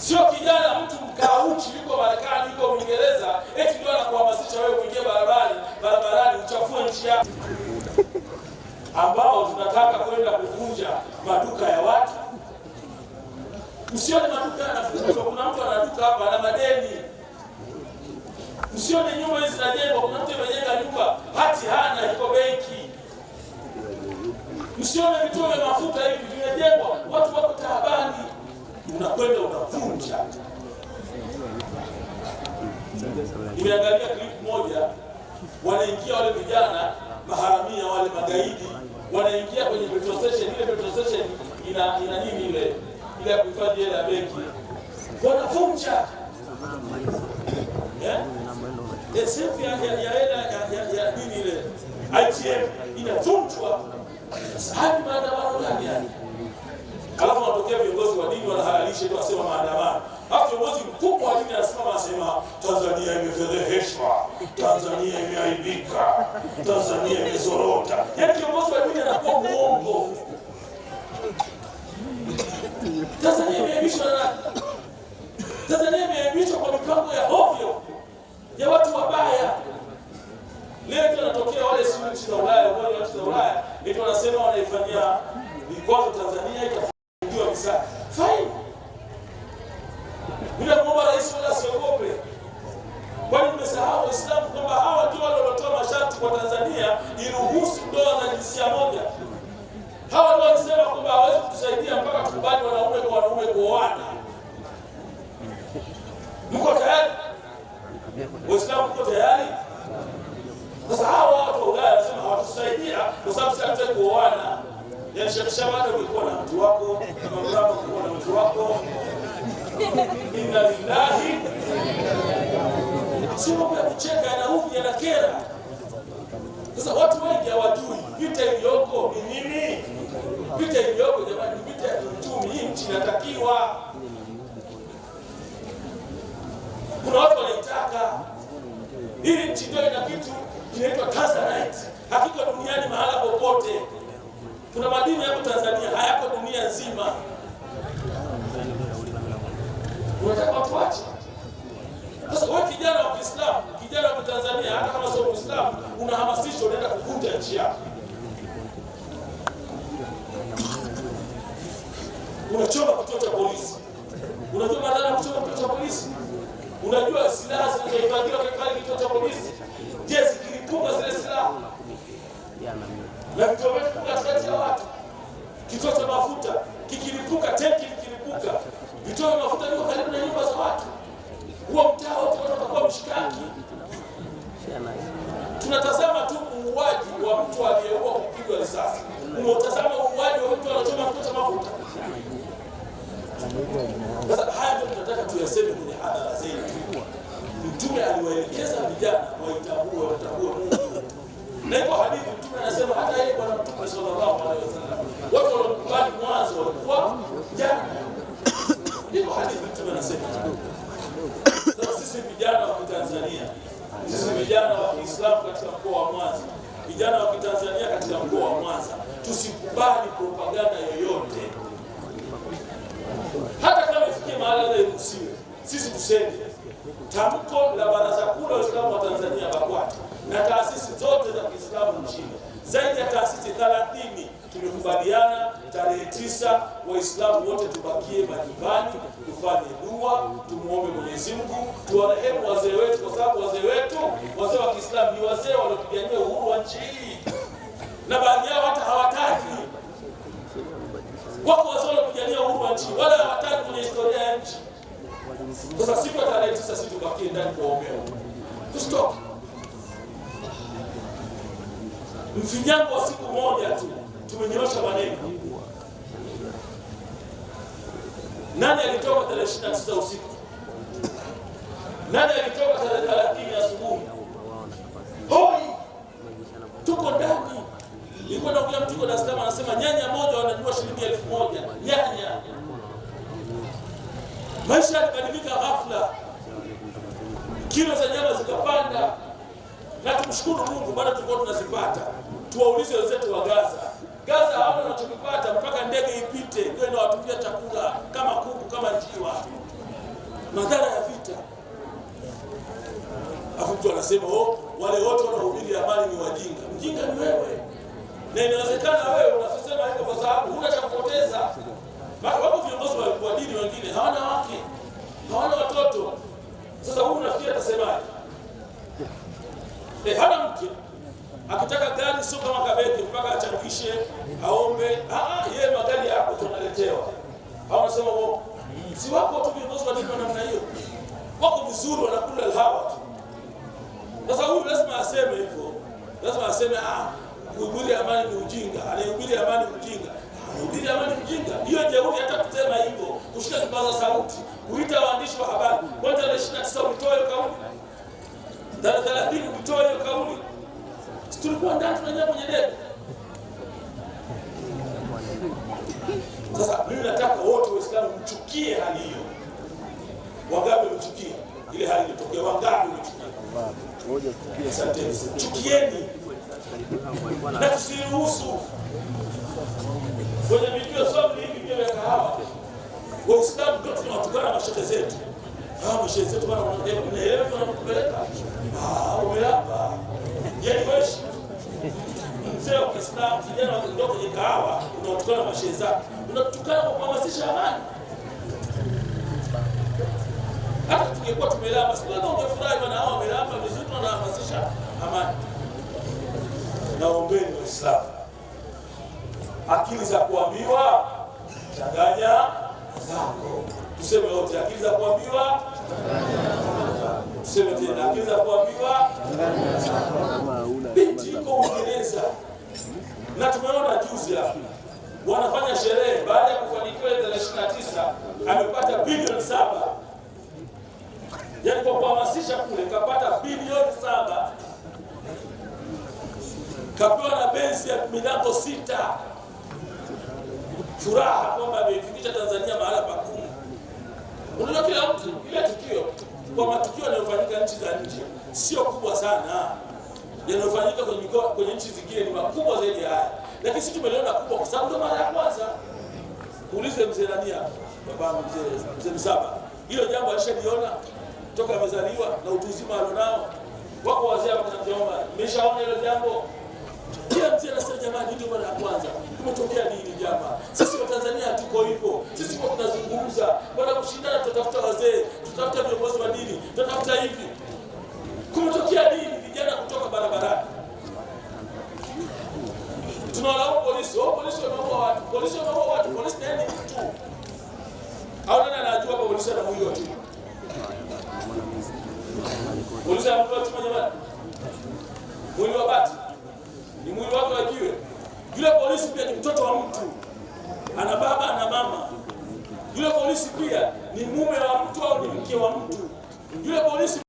Sio kijana mtu mkauchi yuko Marekani, yuko Uingereza, eti ndio anakuhamasisha wewe kuingia barabarani barabarani uchafue nchi yako, ambao tunataka kwenda kuvunja maduka ya watu. Msione maduka yanafungwa, kuna mtu ana duka hapa ana madeni. Msione nyumba hizi zinajengwa, kuna mtu amejenga nyumba hati hana, iko benki. Msione vituo vya mafuta hivi vimejengwa, watu wako taabani unakwenda unavunja. Nimeangalia clip moja, wanaingia wale vijana maharamia wale magaidi, wanaingia kwenye petrol station. Ile petrol station ina ina nini ile ile ya kuhifadhi ile ya benki, wanavunja esefu eh? eh, ya hela ya nini ile ATM inavunjwa. Sasa hadi maandamano gani? alafu wanatokea viongozi wa dini wanahalalisha tu, wasema maandamano, alafu viongozi mkubwa wa dini anasimama anasema Tanzania imefedheheshwa, Tanzania imeaibika, Tanzania imezorota. Yaani viongozi wa dini anakuwa mwongo. Tanzania imeaibishwa na Tanzania imeaibishwa kwa mipango ya ovyo ya watu wabaya. Leo tunatokea wale si nchi za Ulaya wale watu za Ulaya eti wanasema wanaifanyia vikwazo Tanzania Kisha ulikuwa na mtu wako, kama ulikuwa na mtu wako. Inna lillahi. Sio mambo ya kucheka na huku yanakera. Sasa watu wengi hawajui vita iliyoko ni nini? Vita iliyoko jamani ni vita ya kiuchumi, hii nchi inatakiwa. Kuna watu wanaitaka. Hii nchi ndio ina kitu kinaitwa Tanzanite. Hakiko duniani mahala popote. Kuna madini yako Tanzania, hayako dunia nzima. Unataka kuacha Sasa wewe kijana wa Kiislamu, kijana wa Tanzania, hata kama sio Muislamu, unahamasisha unaenda kuvunja nchi yako. Unachoma kituo cha polisi. Unajua madhara kuchoma kituo cha polisi? Unajua silaha zinazohifadhiwa katika kituo cha polisi? na mimi na vitu katikati ya watu. Kituo cha mafuta kikilipuka, tenki likilipuka, vituo vya mafuta viko karibu na nyumba za watu, huo mtaa wote watu watakuwa mshikaki. Tunatazama tu uuaji wa mtu aliyeua kupigwa risasi, unaotazama uuaji wa mtu anachoma kituo cha mafuta. Sasa haya ndio tunataka tuyaseme kwenye hadhara zetu. Mtume aliwaelekeza Vijana sisi vijana wa Kitanzania, sisi vijana wa Kiislamu katika mkoa wa Mwanza, vijana wa Kitanzania katika mkoa wa Mwanza, tusikubali propaganda yoyote, hata kama ifikie mahali hairuhusiwe. Sisi tuseme tamko la Baraza Kuu la Waislamu wa Tanzania BAKWATA na taasisi zote za Kiislamu nchini, zaidi ya taasisi 30 tumekubaliana tarehe tisa, Waislamu wote tubakie majumbani, tufanye dua, tumuombe Mwenyezi Mungu, tuwarehemu wazee wetu, kwa sababu wazee wetu, wazee wa Kiislamu ni wazee waliopigania uhuru wa nchi hii, na baadhi yao hata hawataki. Wako wazee waliopigania uhuru wa nchi wala hawataki kwenye historia ya nchi. Sasa siku ya tarehe tisa, si tubakie ndani kuwaombea, tusitoke. Mfinyango wa siku moja tu tumenyosha maneno Nani alitoka tarehe 29 usiku? Nani alitoka tarehe 30 asubuhi? Hoi, tuko ndani. Nilikuwa nakuja mtu Dar es Salaam anasema nyanya moja wanajua shilingi elfu moja nyanya. Maisha yalibadilika ghafla, kilo za nyama zikapanda, na tumshukuru Mungu bado tulikuwa tunazipata. Tuwaulize wenzetu wa Gaza Gaza hawana wanachokipata mpaka ndege ipite ndio inawatupia chakula kama kuku kama njiwa. Madhara ya vita. Afu mtu anasema oh, wale wote wanaohubiri amani ni wajinga. Mjinga ni wewe. Na inawezekana wewe unasema hivyo kwa sababu huna cha kupoteza. Wako viongozi wa dini wengine hawana wake, hawana watoto. Sasa huyu unafikiri atasemaje? Eh, hana mke akitaka gari sio kama kabeti mpaka achangishe aombe. Ah, ah, yeye magari yako tunaletewa. Hao wanasema wao si wako tu viongozi wa dini namna hiyo, wako vizuri, wanakula hawa tu. Sasa huyu lazima aseme hivyo, lazima aseme ah, kuhubiri amani ni ujinga, anahubiri amani ni ujinga, Kuhubiri amani ni ujinga. Hiyo jeuri hata kusema hivyo, kushika kipaza sauti, kuita waandishi wa habari, Kwanza tarehe 29 ulitoa kauli, tarehe 30 ulitoa kauli tulikuwa ndani tunaingia kwenye debe. Sasa mimi nataka wote Waislamu mchukie hali hiyo. Wangapi mchukie ile hali ilitokea? Wangapi mchukie? Asante, chukieni na tusiruhusu kwenye video sote hivi vya kahawa. Waislamu ndio tunawatukana mashehe zetu. Ah, mashehe zetu bwana, mnaelewa tunapeleka. Ah, umeapa. Yaani mzee wa Kiislamu, kijana ndio kwenye kahawa, unatukana mashehe zake, unatukana kwa kuhamasisha amani. Hata tungekuwa tumelala basi, kwanza ungefurahi, maana hao wamelala vizuri, wanahamasisha amani. Naombeni Waislamu, akili za kuambiwa changanya zako, tuseme wote, akili za kuambiwa tuseme tena, akili za kuambiwa. Binti iko Uingereza na tumeona juzi hapa wanafanya sherehe baada ya kufanikiwa tarehe 29 amepata bilioni saba, yani kwa kuhamasisha kule kapata bilioni saba, kapewa na benzi ya milango sita. Furaha kwamba ameifikisha Tanzania mahala pagumu. Unajua, kila mtu ile tukio kwa matukio yanayofanyika nchi za nje sio kubwa sana yanayofanyika kwenye mikoa, kwenye nchi zingine ni makubwa zaidi haya, lakini sisi tumeliona kubwa kwa sababu ndio mara ya kwanza. Muulize mzee nani hapa, baba mzee mzee Msaba, hilo jambo alishaliona toka amezaliwa na utu uzima alionao. Wako wazee hapa tunasema mmeshaona hilo jambo kila mzee anasema jamani, ndio mara ya kwanza kumetokea nini? Jamaa, sisi Watanzania hatuko hivyo. Sisi kwa tunazungumza bwana, kushindana, tutatafuta wazee, tutatafuta viongozi wa dini, tutatafuta hivi, kumetokea nini? polisi, oh polisi wanaua watu, polisi wanaua watu, polisi naye ni mtu. Au nani anajua hapa polisi ana huyo tu? Polisi ana mtu tu jamani. Mwili wa bati. Ni mwili wake wa jiwe. Yule polisi pia ni mtoto wa mtu. Ana baba, ana mama. Yule polisi pia ni mume wa mtu au ni mke wa mtu. Yule polisi